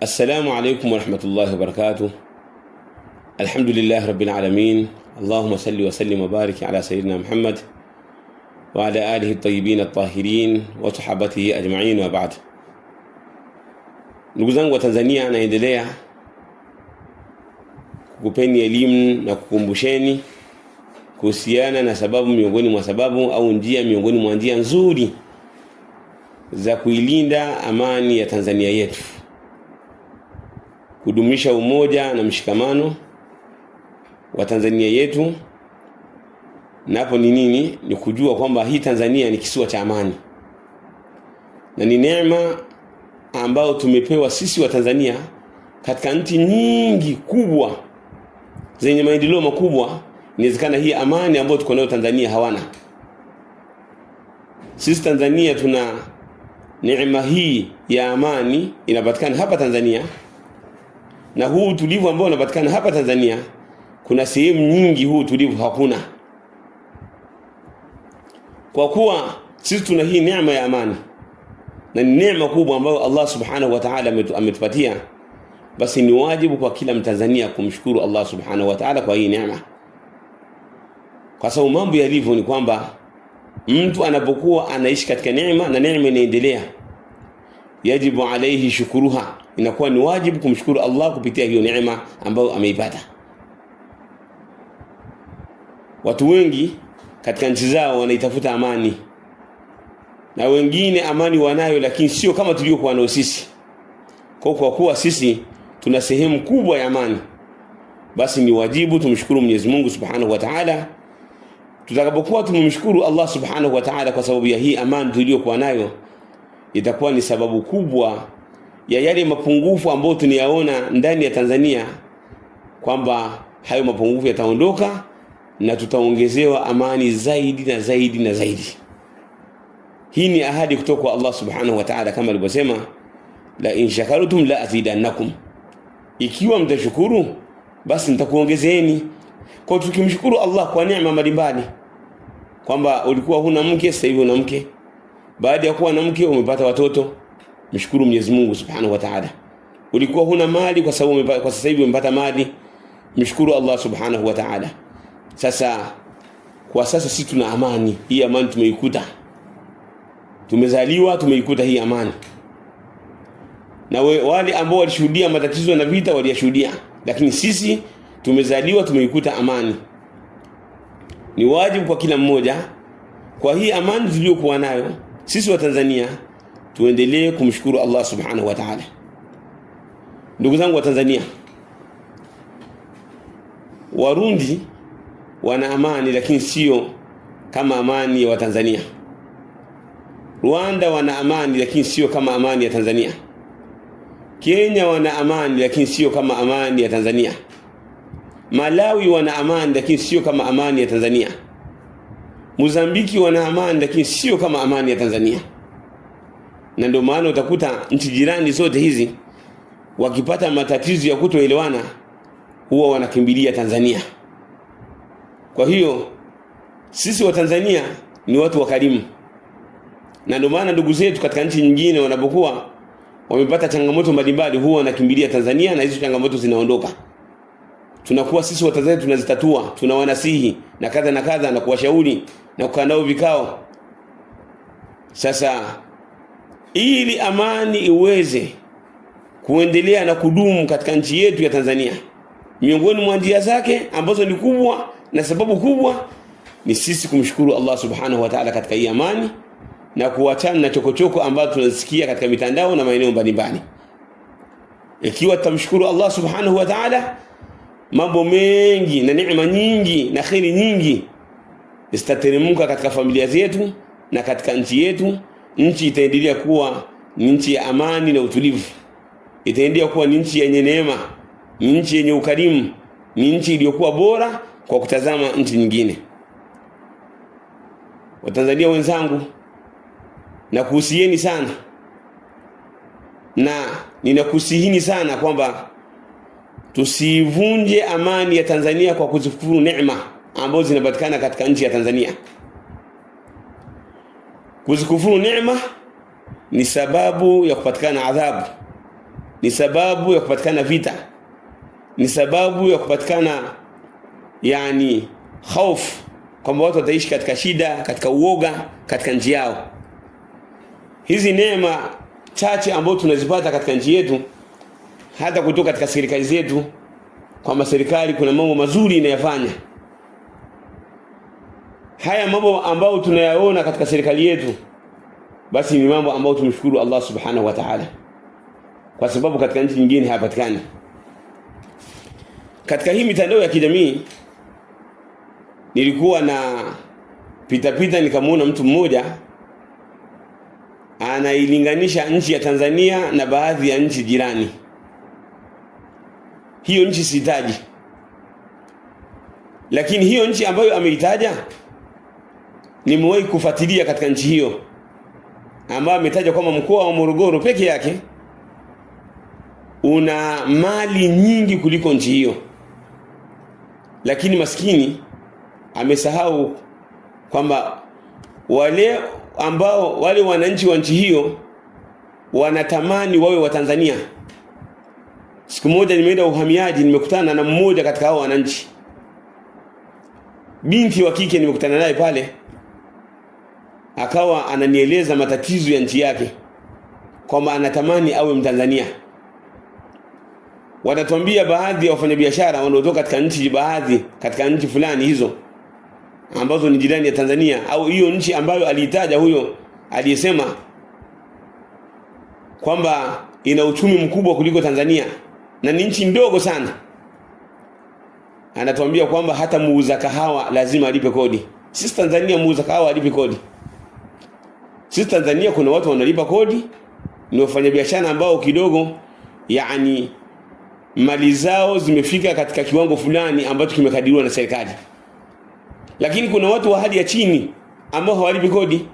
Assalamu alaikum warahmatullahi wabarakatuh. Alhamdulillahi rabbil alamin. Allahumma salli wa sallim wa barik ala sayyidina Muhammad wa ala alihi at-tayyibin at-tahirin wa sahabatihi ajma'in wa ba'd. Ndugu zangu wa Tanzania, anaendelea kukupeni elimu na kukumbusheni kuhusiana na sababu miongoni mwa sababu au njia miongoni mwa njia nzuri za kuilinda amani ya Tanzania yetu kudumisha umoja na mshikamano wa Tanzania yetu. Napo ni nini? Ni kujua kwamba hii Tanzania ni kisiwa cha amani na ni neema ambayo tumepewa sisi wa Tanzania katika nchi nyingi kubwa zenye maendeleo makubwa. Inawezekana hii amani ambayo tuko nayo Tanzania hawana. Sisi Tanzania tuna neema hii ya amani, inapatikana hapa Tanzania na huu utulivu ambao unapatikana hapa Tanzania, kuna sehemu nyingi huu utulivu hakuna, kwa kuwa sisi tuna hii neema ya amani na ni neema kubwa ambayo Allah subhanahu wa ta'ala ametupatia. Basi ni wajibu kwa kila Mtanzania kumshukuru Allah subhanahu wa ta'ala kwa hii neema, kwa sababu mambo yalivyo ni kwamba mtu anapokuwa anaishi katika neema na neema inaendelea, yajibu alayhi shukuruha inakuwa ni wajibu kumshukuru Allah kupitia hiyo neema ambayo ameipata. Watu wengi katika nchi zao wanaitafuta amani, na wengine amani wanayo, lakini sio kama tulivyokuwa nayo sisi. Kwa kwa kuwa sisi tuna sehemu kubwa ya amani, basi ni wajibu tumshukuru Mwenyezi Mungu Subhanahu wa Ta'ala. Tutakapokuwa tumemshukuru Allah Subhanahu wa Ta'ala kwa sababu ya hii amani tuliyokuwa nayo, itakuwa ni sababu kubwa ya yale mapungufu ambayo tunayaona ndani ya Tanzania kwamba hayo mapungufu yataondoka na tutaongezewa amani zaidi na zaidi na zaidi. Hii ni ahadi kutoka kwa Allah subhanahu wa ta'ala, kama alivyosema la in shakartum la azidannakum, ikiwa mtashukuru basi nitakuongezeni. Kwa tukimshukuru Allah kwa neema mbalimbali, kwamba ulikuwa huna mke, sasa hivi una mke, baada ya kuwa na mke umepata watoto mshukuru Mwenyezi Mungu Subhanahu wa Ta'ala. Ulikuwa huna mali kwa sababu kwa sasa hivi umepata mali, mshukuru Allah Subhanahu wa Ta'ala. Sasa kwa sasa sisi tuna amani, hii amani tumeikuta, tumezaliwa tumeikuta hii amani, na we, wale ambao walishuhudia matatizo na vita waliyashuhudia, lakini sisi tumezaliwa tumeikuta amani. Ni wajibu kwa kila mmoja, kwa hii amani tuliyokuwa nayo sisi wa Tanzania tuendelee kumshukuru Allah subhanahu wa ta'ala. Ndugu zangu wa Tanzania, Warundi wana amani, lakini sio kama amani ya wa Watanzania. Rwanda wana amani, lakini sio kama amani ya Tanzania. Kenya wana amani, lakini sio kama amani ya Tanzania. Malawi wana amani, lakini sio kama amani ya Tanzania. Mozambiki wana amani, lakini sio kama amani ya Tanzania na ndio maana utakuta nchi jirani zote hizi wakipata matatizo ya kutoelewana huwa wanakimbilia Tanzania. Kwa hiyo sisi wa Tanzania ni watu wakarimu, na ndio maana ndugu zetu katika nchi nyingine wanapokuwa wamepata changamoto mbalimbali huwa wanakimbilia Tanzania, na hizo changamoto zinaondoka. Tunakuwa sisi wa Tanzania tunazitatua, tunawanasihi na kadha na kadha na kuwashauri na kukaa nao vikao sasa ili amani iweze kuendelea na kudumu katika nchi yetu ya Tanzania, miongoni mwa njia zake ambazo ni kubwa na sababu kubwa ni sisi kumshukuru Allah subhanahu wa ta'ala katika hii amani na kuachana na chokochoko ambazo tunazisikia katika mitandao na maeneo mbalimbali. Ikiwa tutamshukuru Allah subhanahu wa ta'ala, mambo mengi na neema nyingi na kheri nyingi zitateremka katika familia zetu na katika nchi yetu nchi itaendelea kuwa ni nchi ya amani na utulivu, itaendelea kuwa ni nchi yenye neema, ni nchi yenye ukarimu, ni nchi iliyokuwa bora kwa kutazama nchi nyingine. Watanzania wenzangu, nakuhusieni sana na ninakusihini sana kwamba tusivunje amani ya Tanzania kwa kuzifuru neema ambazo zinapatikana katika nchi ya Tanzania. Kuzikufuru neema ni sababu ya kupatikana adhabu, ni sababu ya kupatikana vita, ni sababu ya kupatikana yani hofu kwamba watu wataishi katika shida, katika uoga, katika nchi yao. Hizi neema chache ambazo tunazipata katika nchi yetu, hata kutoka katika serikali zetu, kwamba serikali kuna mambo mazuri inayofanya haya mambo ambayo tunayaona katika serikali yetu, basi ni mambo ambayo tumshukuru Allah subhanahu wa ta'ala, kwa sababu katika nchi nyingine hayapatikani. Katika hii mitandao ya kijamii nilikuwa na pita pita, nikamwona mtu mmoja anailinganisha nchi ya Tanzania na baadhi ya nchi jirani. Hiyo nchi sitaji, lakini hiyo nchi ambayo ameitaja nimewahi kufuatilia katika nchi hiyo ambayo ametajwa kwamba mkoa wa Morogoro peke yake una mali nyingi kuliko nchi hiyo, lakini maskini amesahau kwamba wale ambao wale wananchi wa nchi hiyo wanatamani wawe Watanzania. Siku moja nimeenda uhamiaji, nimekutana na mmoja katika hao wananchi, binti wa kike nimekutana naye pale akawa ananieleza matatizo ya nchi yake kwamba anatamani awe Mtanzania. Watatuambia baadhi ya wafanyabiashara wanaotoka katika nchi baadhi katika nchi fulani hizo ambazo ni jirani ya Tanzania au hiyo nchi ambayo aliitaja huyo aliyesema kwamba ina uchumi mkubwa kuliko Tanzania na ni nchi ndogo sana. Anatuambia kwamba hata muuza kahawa lazima alipe kodi. Sisi Tanzania muuza kahawa alipe kodi. Sisi Tanzania kuna watu wanalipa kodi, ni wafanyabiashara ambao kidogo yani mali zao zimefika katika kiwango fulani ambacho kimekadiriwa na serikali, lakini kuna watu wa hali ya chini ambao hawalipi kodi.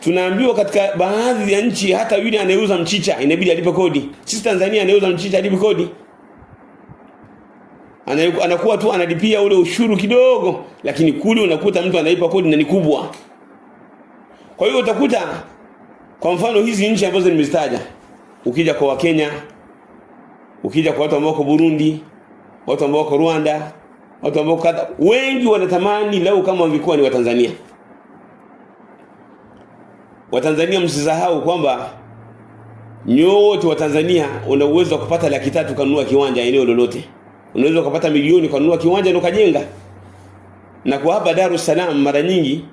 Tunaambiwa katika baadhi ya nchi hata yule anayeuza mchicha inabidi alipe kodi. Sisi Tanzania anayeuza mchicha alipe kodi, anakuwa tu analipia ule ushuru kidogo, lakini kule unakuta mtu analipa kodi na ni kubwa. Kwa hiyo utakuta kwa mfano hizi nchi ambazo nimezitaja, ukija kwa Wakenya, ukija kwa watu ambao wako Burundi, watu ambao wako Rwanda, watu ambao wako kadha, wengi wanatamani lau kama wangekuwa ni Watanzania. Watanzania, msisahau kwamba nyote wa Tanzania una uwezo wa kupata laki tatu ukanunua kiwanja eneo lolote. Unaweza ukapata milioni ukanunua kiwanja na ukajenga. Na kwa hapa Dar es Salaam mara nyingi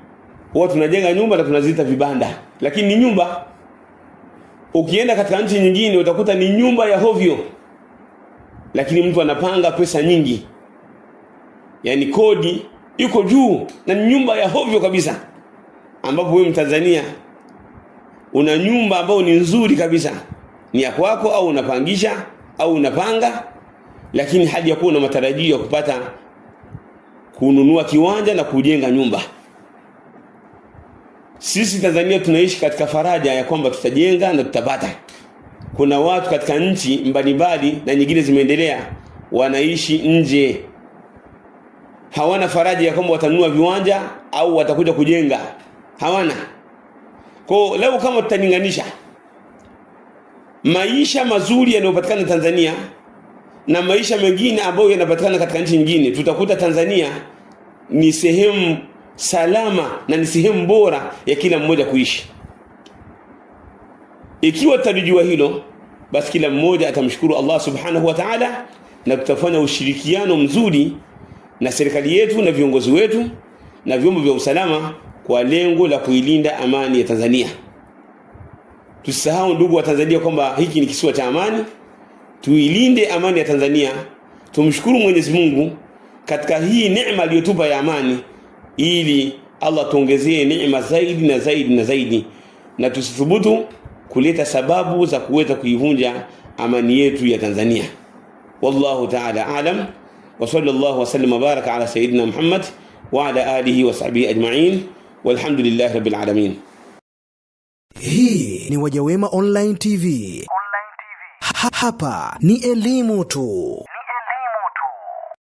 huwa tunajenga nyumba na tunaziita vibanda, lakini ni nyumba. Ukienda katika nchi nyingine utakuta ni nyumba ya hovyo, lakini mtu anapanga pesa nyingi, yaani kodi yuko juu na ni nyumba ya hovyo kabisa, ambapo wewe Mtanzania una nyumba ambayo ni nzuri kabisa, ni ya kwako au unapangisha au unapanga, lakini hadi ya kuwa na matarajio ya kupata kununua kiwanja na kujenga nyumba. Sisi Tanzania tunaishi katika faraja ya kwamba tutajenga na tutapata. Kuna watu katika nchi mbalimbali na nyingine zimeendelea wanaishi nje, hawana faraja ya kwamba watanunua viwanja au watakuja kujenga, hawana. Kwa leo kama tutalinganisha maisha mazuri yanayopatikana Tanzania na maisha mengine ambayo yanapatikana katika nchi nyingine, tutakuta Tanzania ni sehemu salama na ni sehemu bora ya kila mmoja kuishi. Ikiwa tutajua hilo, basi kila mmoja atamshukuru Allah subhanahu wa ta'ala, na tutafanya ushirikiano mzuri na serikali yetu na viongozi wetu na vyombo vya usalama kwa lengo la kuilinda amani ya Tanzania. Tusisahau ndugu wa Tanzania kwamba hiki ni kisiwa cha amani. Tuilinde amani ya Tanzania, tumshukuru Mwenyezi Mungu katika hii neema aliyotupa ya amani ili Allah tuongezee neema zaidi na zaidi na zaidi, na tusithubutu kuleta sababu za kuweza kuivunja amani yetu ya Tanzania. Wallahu ta'ala a'lam wa sallallahu wa sallam baraka ala sayidina Muhammad wa ala alihi wa sahbihi ajma'in walhamdulillahi rabbil alamin. Hii ni Wajawema Online TV. Online TV. Ha hapa ni elimu tu. ni